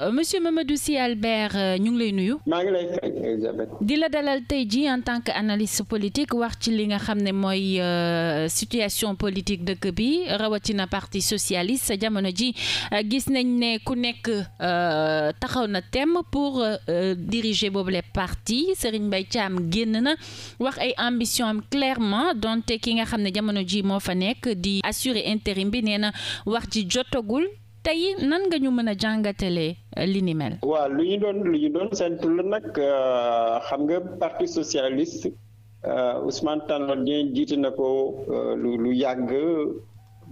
Euh, monsieur Mamadou Sy Albert euh, ñu ngi lay nuyu. di la dalal tey jii en tant que analyse politique wax ci li nga xam ne mooy euh, situation politique dëkk bi rawatina parti socialiste jamono ji gis nañ ne ku nekk taxaw na thème pour diriger boobu le parti Serigne Mbaye am génn na wax ay ambition am clairement donte ki nga xam ne jamono ji moo fa nekk di assurer intérim bi nee na wax ji jotagul. tey nan nga ñu mën a jàngatalee euh, li ni mel. lu ñu doon lu ñu doon seentu la nag euh, xam nga parti socialiste euh, Ousmane Tanor Dieng jiite na ko lu lu yàgg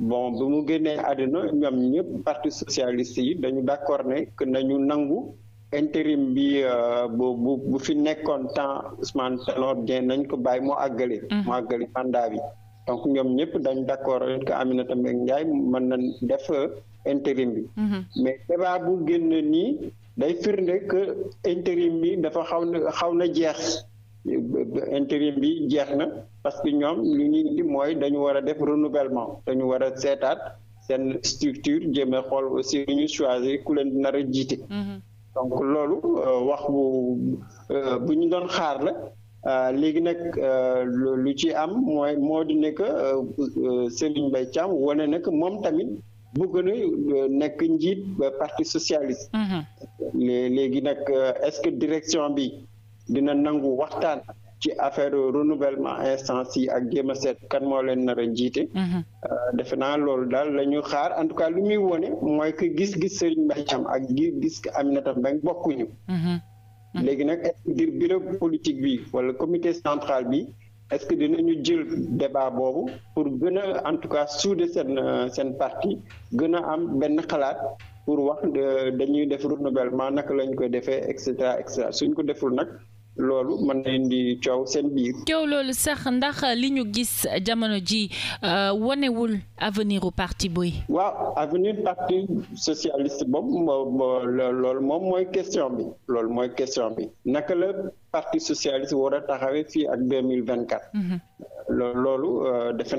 bon bu mu génnee àddina ñoom ñëpp parti socialiste yi dañu d'accord ne que nañu nangu intérim bi bu bu fi nekkoon temps Ousmane Tanor Dieng nañ ko bàyyi mu àggale. moo mm-hmm. àggale mandat donc ñoom ñëpp dañ d' accord que Aminata Mbengue Ndiaye mën nañ def intérim bi. Mhm. mais débat bu génn nii day firnde que intérim bi dafa xaw na xaw na jeex intérim bi jeex na parce que ñoom li ñuy mooy dañu war a def renouvellement dañu war a seetaat seen structure jéem xool aussi lu ñu choisir ku leen nar a jiite. Mhm. donc loolu euh, wax bu euh, bu ñu doon xaar la Euh, léegi nag euh, lu ci am mooy moo di ne que euh, Serigne Mbaye Thiam wane na moom tamit bëgg na nekk njiit ba parti socialiste. Mhm. léegi nag est-ce que direction bi dina nangu waxtaan. ci affaire renouvellement instance yi ak jéem a seet kan moo leen nar a jiite. Mhm. defe naa loolu daal la ñu xaar en tout cas lu muy wone mooy que gis-gis Serigne Mbaye Thiam ak gis-gis Aminata Mbengue bokkuñu. Mhm. léegi nag est-ce que dir bureau politique bi wala comité centrale bi est-ce que dinañu jël débat boobu pour gën a en tout cas soude seen euh, seen parti gën a am benn xalaat pour wax dañuy def renouvellement naka lañ koy defee et cetera et suñ ko deful nag. loolu mën na indi coow seen biir. coow loolu sax ndax li ñu gis jamono ji euh, wanewul avenir parti buy. waaw avenir parti socialiste boobu loolu moom mooy question bi loolu mooy question bi naka la parti socialiste war a taxawee fii ak deux mille vingt quatre. Mhm. Euh, loolu euh, defe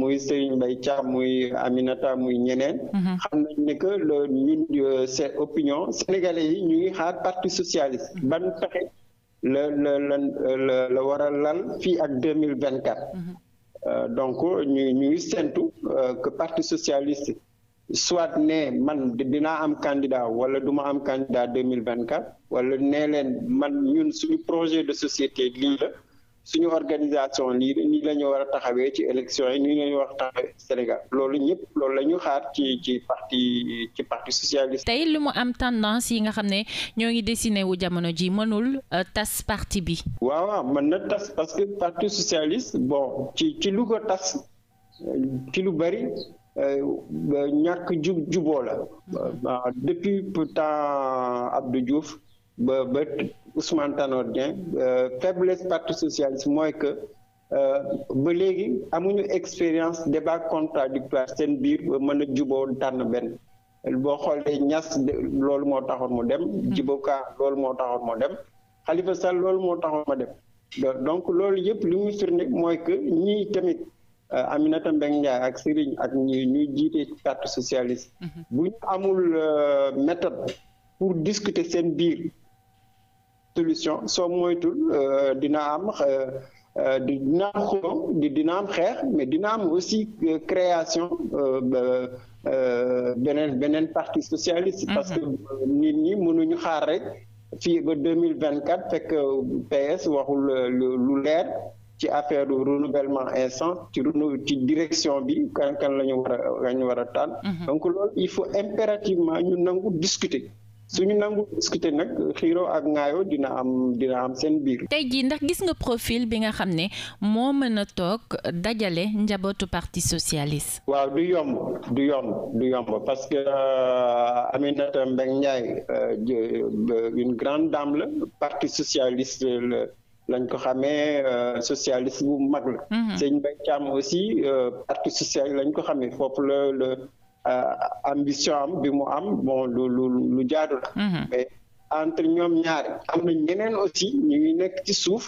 muy Serigne Mbaye Thiam muy Aminata muy ñeneen. Mhm. xam nañ ne que le ñun euh, yi ñu ngi xaar parti socialiste mhm. ban pexe la la la la la war fii ak deux mille vingt quatre. Mhm. Euh, donc ñu ñu ngi séntu euh, que parti socialiste soit ne man dinaa am candidat wala du ma am candidat deux mille vingt quatre wala nee leen man ñun suñu projet de société lii suñu organisation lii nii la ñu war a taxawee ci élection yi nii la ñu war a Sénégal loolu ñëpp loolu la ñu xaar ci ci parti ci parti socialiste. tey lu mu am tendance yi nga xam ne ñoo ngi dessiné wu jamono ji mënul euh, tas parti bi. waaw waaw mën na tas parce que parti socialiste bon ci ci lu ko tas ci lu bari. Euh, ñàkk jub juboo la mm-hmm. euh, depuis temps Abdou juuf ba ba Ousmane Tanor Dieng euh, faiblesse parti socialiste mooy que euh, ba léegi amuñu expérience débat contradictoire seen biir ba mën a juboo tànn benn boo xoolee Niass loolu moo taxoon mu dem hmm. Djibo Ka loolu moo taxoon moo dem Khalifa Sall loolu moo taxoon ma dem donc loolu yëpp li muy firnde mooy que ñii tamit euh, Aminata Mbengue Ndiaye ak Serigne ak ñi ñuy jiite socialiste hmm. bu ñu amul méthode pour discuter seen biir solution soo moytul euh, dina am euh, euh, dina am xuloo dina am xeex mais dina am aussi création beneen beneen parti socialiste. Mm-hmm. parce que nit ñi mënuñu xaar rek fii ba deux mille vingt quatre fekk PS waxul lu leer. ci affaire du renouvellement instant ci ci direction bi kan kan la ñu war ñu war a tànn mm-hmm. donc loolu il faut impérativement ñu nangu discuter suñu nangu discuter nag xiiroo ak ŋaayoo dina am dina am seen biir. tey jii ndax gis nga profil bi nga xam ne moo mën a toog dajale njabootu parti socialiste. waaw du yomb du yomb du yomb parce que euh, Aminata Mbengue Ndiaye euh, une grande dame la parti socialiste la. lañ ko xamee euh, socialiste bu mag la. Mhm. sëñ Mbaye Thiam aussi parti social lañ ko xamee foofu la Euh, ambition am bi mu am bon lu lu lu jaadu la. Mhm. mais entre ñoom ñaari am na ñeneen aussi ñu ngi nekk ci suuf.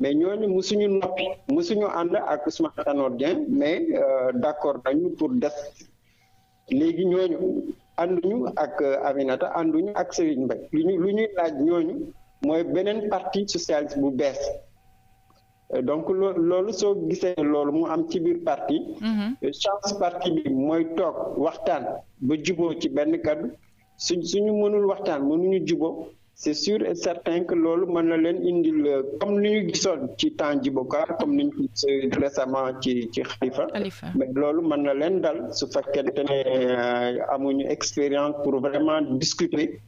mais ñooñu musuñu noppi musuñu ànd ak Ousmane Tanor Dieng mais euh, d'accord nañu pour des léegi ñooñu ànduñu ak euh, Aminata ànduñu ak Serigne Mbaye lu ñuy laaj ñooñu mooy beneen partie socialiste bu bees donc loolu soo gisee loolu mu am ci biir parti. Mm-hmm. chance parti bi mooy toog waxtaan ba juboo ci benn kaddu su suñu mënul waxtaan mënuñu juboo c'est sur et certain que loolu mën na leen indil euh, comme ni ñu gisoon ci temps Djiboka comme ni ñu gisee récemment ci ci mais loolu mën na leen dal su fekkente ne euh, amuñu expérience pour vraiment discuter.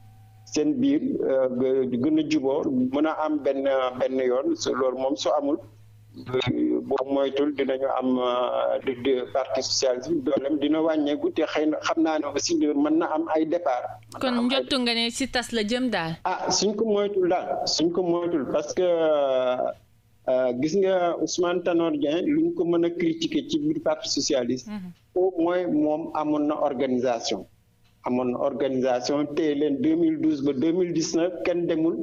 seen biir euh, gën a juboo mën a am benn benn yoon su loolu moom su amul boo moytul dinañu am euh, di parti socialiste bi dooleem dina wàññeeku te xëy na xam naa ne aussi mën na am ay départ. kon njottu nga ne si tas la jëm daal. ah suñ ko moytul daal suñ ko moytul parce que euh, gis nga Ousmane Tanor Dieng lu ñu ko mën a critiquer ci biir parti socialiste. Mhm. au moins moom amoon na organisation. amoon organisation téye leen 2012 ba 2019 kenn demul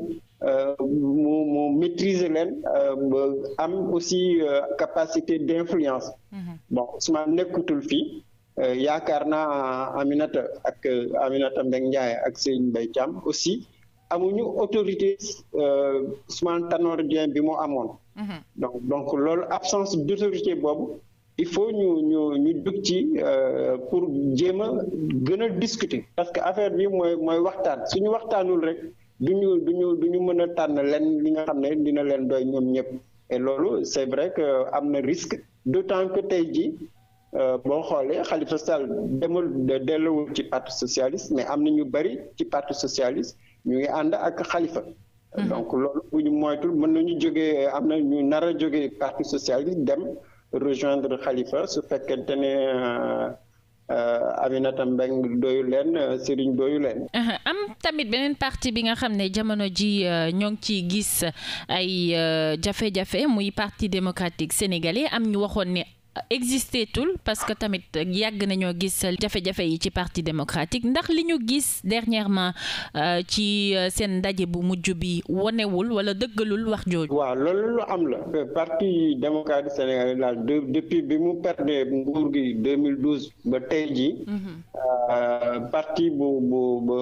euh, mu mu maitriser leen euh, ba am aussi euh, capacité d'influence. Mhm. bon Ousmane nekkutul fii. yaakaar na Aminata ak Aminata Mbengue Ndiaye ak Serigne Mbaye Thiam aussi amuñu autorité Ousmane Tanor Dieng bi mu amoon. Mhm. donc donc absence d'autorité boobu. il faut ñu ñu ñu dug ci euh, pour jéem a gën a discuter parce que affaire bi mooy mooy waxtaan suñu waxtaanul rek duñu duñu duñu mën a tànn leen li nga xam ne dina leen doy ñoom ñëpp et loolu c'est vrai que am na risque de temps que tey jii euh, boo xoolee xalifa Sall demul delluwul ci parti socialiste mais am na ñu bari ci parti socialiste ñu ngi ànd ak xalifa mm-hmm. donc loolu bu ñu moytul mën nañu jógee am na ñu nar a jógee parti socialiste dem. rejoindre Khalifa su fekkente ne euh, euh, Aminata Mbengue doyu leen euh, Serigne doyu leen. am tamit beneen parti bi nga xam ne jamono ji ñoo ngi ciy gis ay jafe-jafe muy parti démocratique sénégalais am ñu waxoon ne. existé tul parce que tamit yàgg nañoo gis jafe-jafe yi ci parti démocratique ndax li ñu gis dernièrement euh, ci euh, seen ndaje bu mujj bi wonewul wala dëggalul wax jooju. waaw loolu lu am la. Euh, parti démocratique sénégalais daal depuis bi mu perdee nguur gi 2012 ba tey jii. Mhm. parti bu bu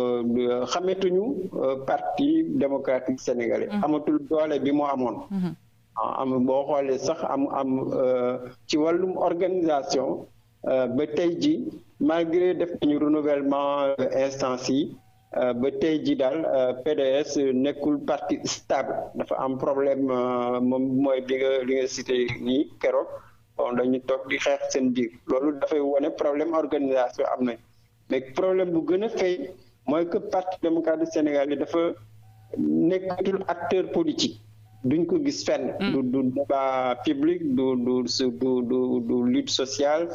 xametuñu parti démocratique sénégalais. Mhm. amatul doole bi mu amoon. Mhm. am boo xoolee sax am am euh, ci wàllum organisation euh, ba tey ji malgré def nañu renouvellement euh, instance yi ba tey ji daal PDS nekkul parti stable dafa am problème moom mooy bi nga li nga nii keroog bon dañu toog di xeex seen biir loolu dafay wane problème organisation am nañ mais problème bu gën a fay mooy que parti démocratique sénégalais dafa nekkatul acteur politique duñ ko gis fenn. Mm. du du débat public du du du du du lutte sociale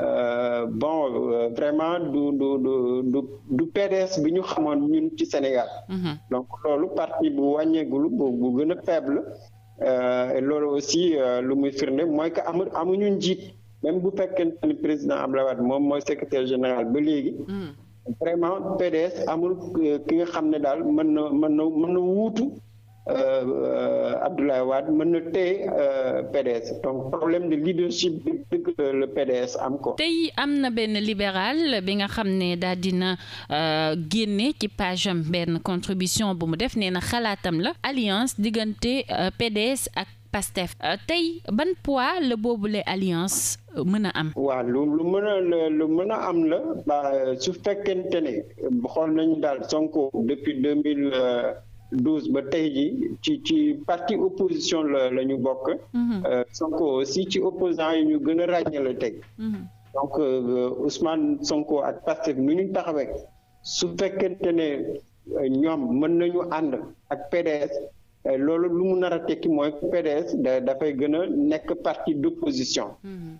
euh, bon euh, vraiment du du du du PDS bi ñu xamoon ñun ci Sénégal. Mm-hmm. donc loolu parti bu wàññeegul bu bu gën a faible. Euh, loolu aussi euh, lu muy firnde mooy que amul amuñu njiit même bu fekkente président Abdoulaye moom mooy secretaire général ba léegi. Mm. vraiment PDS amul ki nga xam ne daal mën na mën na mën na wuutu. Euh, euh, Abdoulaye Wade mën na téye euh, PDS donc problème de leadership bi dëgg le PDS am ko. tey am na benn libéral bi nga xam ne daal dina génne ci page benn contribution bu mu def nee na xalaatam la alliance diggante PDS ak PASTEF tey ban poids la boobule alliance. mën a am. waaw lu mën a lu mën a am la. ba su fekkente ne xool nañu daal Sonko depuis deux mille 2012 ba tey ji ci ci parti opposition la la ñu bokk. Mhm. Euh, Sonko si ci opposant yi ñu gën a ràññale teg. Mhm. donc euh, euh, Ousmane Sonko ak Pastef nu ñu taxawee su fekkente ne ñoom mën nañu ànd ak PDS. loolu lu mu nar a tekki mooy PDS dafay gën a nekk parti d'opposition. Mhm.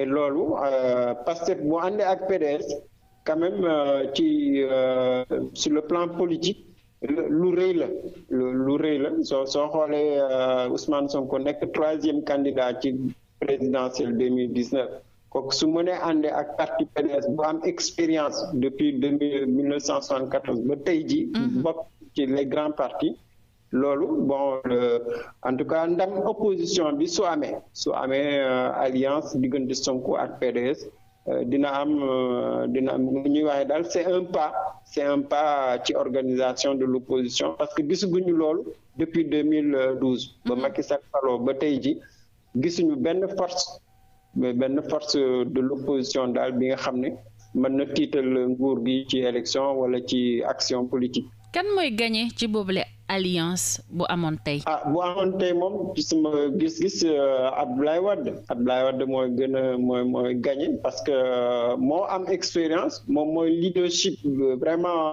et loolu Pastef bu àndee ak PDS quand même ci sur le plan politique. lu rëy la lu rëy la soo soo xoolee euh, Ousmane Sonko nekk troisième candidat ci présidentielle deux mille dix neuf kooku su mënee àndee ak parti PDS bu am expérience depuis deux mille mille neuf cent soixante quatorze ba tey ji mhm. bokk ci les grands partis loolu bon en tout cas ndam opposition bi su amee su amee euh, alliance diggante Sonko ak PDS. Euh, dina am euh, dina am ñuy waxee daal c'est un pas c'est un pas ci organisation de l'opposition parce que gisaguñu lool depuis mille 2012. ba mhm. Macky Sall faloo ba tey ji gisuñu benn force benn force de l'opposition daal bi nga xam ne mën na tiital nguur gi ci élection wala ci action politique. kan mooy gagné ci boobule alliance bu amoon tey. ah bu amoon tey moom sama gis-gis euh, Abdoulaye Wade Abdoulaye Wade mooy gën a mooy mooy gagné parce que euh, moo am expérience moom mooy leadership euh, vraiment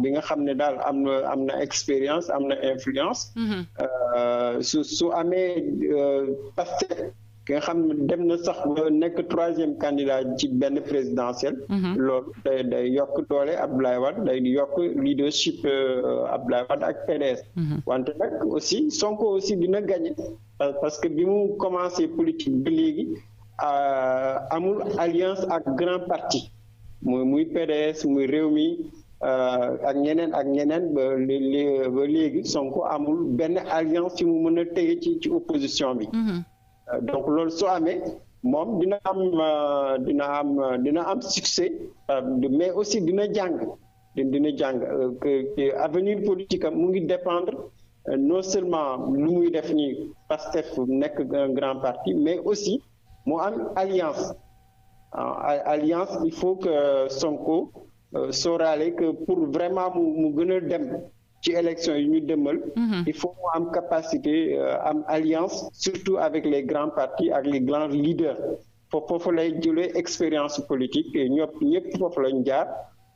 bi nga xam ne daal am na am na expérience am na influence. Mm-hmm. su amee parce ki xam ne dem na sax ba nekk troisième candidat ci benn présidentiel. Mhm. loolu day day yokk doole Abdoulaye Wade day yokk leadership euh, Abdoulaye Wade ak PDS. Mhm. wante nag aussi Sonko aussi dina gagné parce que bi mu commencé politique bi léegi euh, amul alliance ak grand parti muy muy PDS muy réew mi. Euh, ak ñeneen ak ñeneen ba léegi Sonko amul benn alliance yu mu mën a téye ci ci opposition bi. Mhm. donc loolu soo amee moom dina am euh, dina am euh, dina am succès euh, mais aussi dina jàng dina jàng que avenir politique am mu ngi dépendre non seulement lu muy def nii Pastef nekk un grand parti mais aussi mu am alliance alliance il faut que Sonko sorale que pour vraiment mu mu gën a dem. ci élection yi ñu dëmmal mhm. il faut mu am capacité euh, am alliance surtout avec les grands partis ak les grands leaders foofu lay jëlee expérience politique ñëpp ñëpp foofu lañu jaar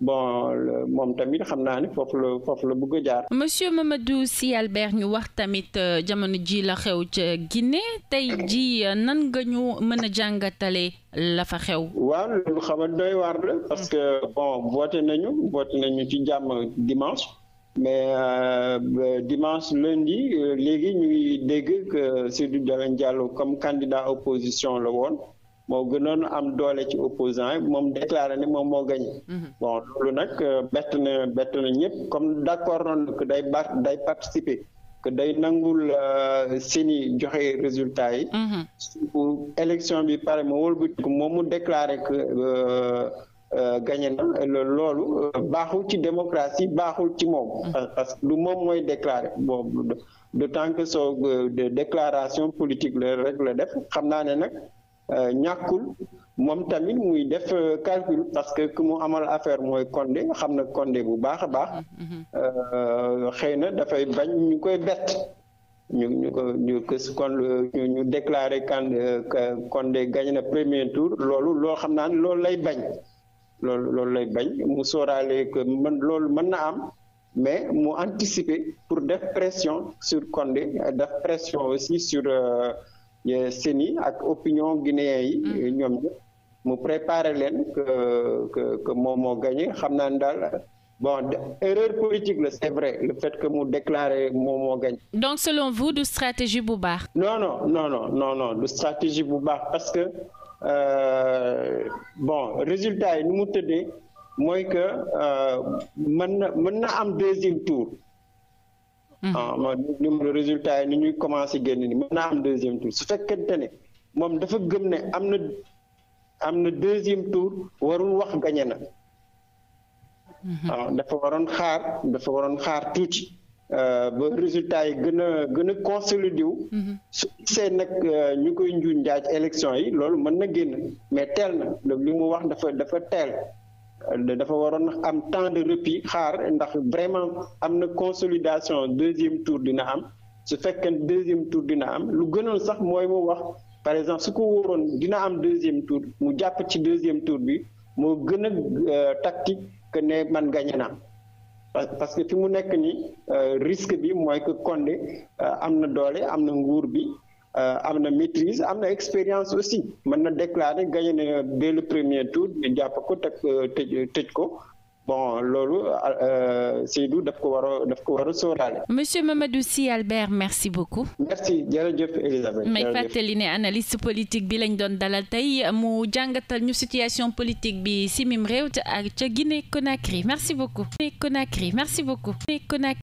bon moom tamit xam naa ne foofu la foofu bëgg a jaar. monsieur Mamadou Sy Albert ñu wax tamit euh, jamono ji la xew ca Guinée tey ji euh, nan nga ñu mën a jàngatale la fa xew. waaw loolu xam nga doy waar la parce mm. que bon voté nañu voté nañu ci jàmm dimanche. mais euh, euh, dimanche lundi euh, léegi ñuy dégg que Seydou Dalein Diallo comme candidat opposition la woon moo gënoon am doole ci opposant moom déclaré ne moom moo gagné. Mhm. bon loolu nag euh, bett na bett comme d' accord noonu que day ba day participer que day nangul seeni joxe résultat yi. Mhm. su élection bi pare mu wëlbatiku moom mu déclaré que. Euh, gañe na loolu euh, baaxul ci démocratie baaxul ci moom. Mm. parce que lu moom mooy déclaré boobu d'autant que soo euh, déclaration politique la rek la def xam naa ne nag ñàkkul moom tamit muy def calcul parce que ki mu amal affaire mooy Condé xam na Condé bu baax a baax. Mm-hmm, mm-hmm. xëy na dafay bañ ñu koy bett. ñu ñu ko ñu kon ñu déclaré Condé gañ na premier tour loolu loo xam naa ne loolu lay bañ. loolu loolu lay bañ mu sóoraale que mën loolu mën na am mais mu anticiper pour def pression sur konde def pression aussi sur euh, euh, Séni ak opinion guinéen yi. Mm. ñoom ñëpp mu préparer leen que que que moom moo gagné xam naa ne daal. bon erreur politique la c'est vrai le fait que mu déclarer moom moo gañ donc selon vous du stratégie bu baax. non non non non non du stratégie bu baax parce que Euh, bon résultat yi nu mu tëddee mooy que euh, mën na mën na am deuxième tour. ah ma numéro résultat yi ni ñuy commencé génn ni mën na am deuxième tour su fekkente ne moom dafa gëm ne am na am na deuxième tour warul wax gañe na. Ah, dafa waroon xaar dafa waroon xaar tuuti. Euh, ba résultat yi gën a gën a consolidé wu. Mm-hmm. su gisee nag euh, ñu koy njuuñ njaaj élection yi loolu mën na génn mais teel na li mu wax dafa dafa teel. Euh, dafa waroon am temps de repli xaar ndax vraiment am na consolidation deuxième tour dina am su fekkee deuxième tour dina am lu gënoon sax mooy mu wax par exemple su ko wóoroon dina am deuxième tour mu jàpp ci deuxième tour bi moo gën a tactique que ne man gagné naa parce que fi mu nekk ni euh, risque bi mooy que Condé euh, am na doole am na nguur bi euh, am na maîtrise am na expérience aussi mën na déclarer gagné na dès le premier tour jàpp ko teg tëj tëj ko bon loolu euh, Seydou daf ko war a ko war a monsieur Mamadou Sy Albert merci beaucoup. merci jërëjëf Elisabeth. may fàttali ne analyste politique bi lañ doon dalal tey mu jàngatal ñu situation politique bi simim réew ca ak ca Guinée Conakry merci beaucoup. Conakry merci beaucoup.